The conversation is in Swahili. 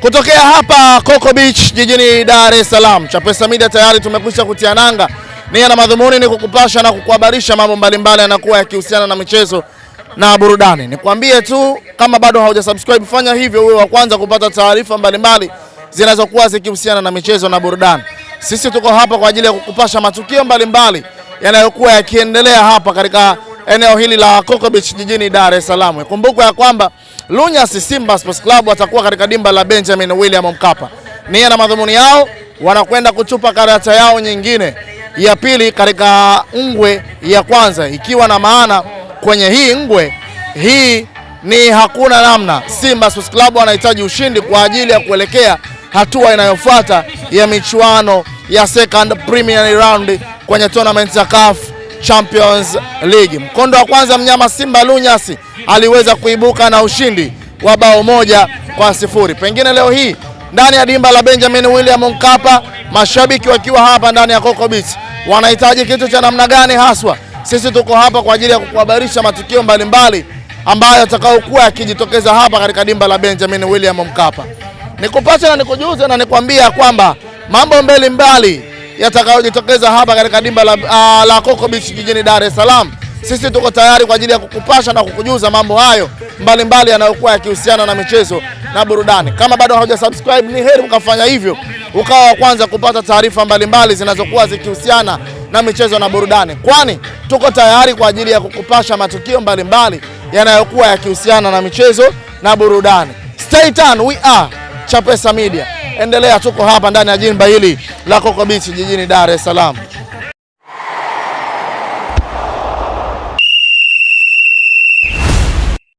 Kutokea hapa Coco Beach jijini Dar es Salaam, Chapesa Media tayari tumekwisha kutia nanga. Nia na madhumuni ni kukupasha na kukuhabarisha mambo mbalimbali yanakuwa yakihusiana na michezo na burudani. Nikwambie tu kama bado haujasubscribe, fanya hivyo uwe wa kwanza kupata taarifa mbalimbali zinazokuwa zikihusiana na michezo na burudani. Sisi tuko hapa kwa ajili ya kukupasha matukio mbalimbali yanayokuwa yakiendelea hapa katika eneo hili la Coco Beach jijini Dar es Salaam. Kumbuka ya kwamba Lunyasi Simba Sports Club watakuwa katika dimba la Benjamin William Mkapa. Nia na madhumuni yao wanakwenda kuchupa karata yao nyingine ya pili katika ngwe ya kwanza, ikiwa na maana kwenye hii ngwe hii ni hakuna namna. Simba Sports Club wanahitaji ushindi kwa ajili ya kuelekea hatua inayofuata ya michuano ya second preliminary round kwenye tournament ya CAF Champions League. Mkondo wa kwanza mnyama Simba Lunyasi aliweza kuibuka na ushindi wa bao moja kwa sifuri. Pengine leo hii ndani ya dimba la Benjamin William Mkapa, mashabiki wakiwa hapa ndani ya Coco Beach wanahitaji kitu cha namna gani haswa? Sisi tuko hapa kwa ajili ya kukuhabarisha matukio mbalimbali ambayo atakaokuwa yakijitokeza hapa katika dimba la Benjamin William Mkapa. Nikupate na nikujuze na nikwambia kwamba mambo mbalimbali yatakayojitokeza hapa katika dimba la, uh, la Coco Beach jijini Dar es Salaam. Sisi tuko tayari kwa ajili ya kukupasha na kukujuza mambo hayo mbalimbali yanayokuwa yakihusiana na michezo na burudani. Kama bado hauja subscribe, ni heri ukafanya hivyo, ukawa wa kwanza kupata taarifa mbalimbali zinazokuwa zikihusiana na michezo na burudani, kwani tuko tayari kwa ajili ya kukupasha matukio mbalimbali yanayokuwa yakihusiana na michezo na burudani. Stay tuned, we are Chapesa Media endelea, tuko hapa ndani ya jimba hili la Coco Beach jijini Dar es Salaam.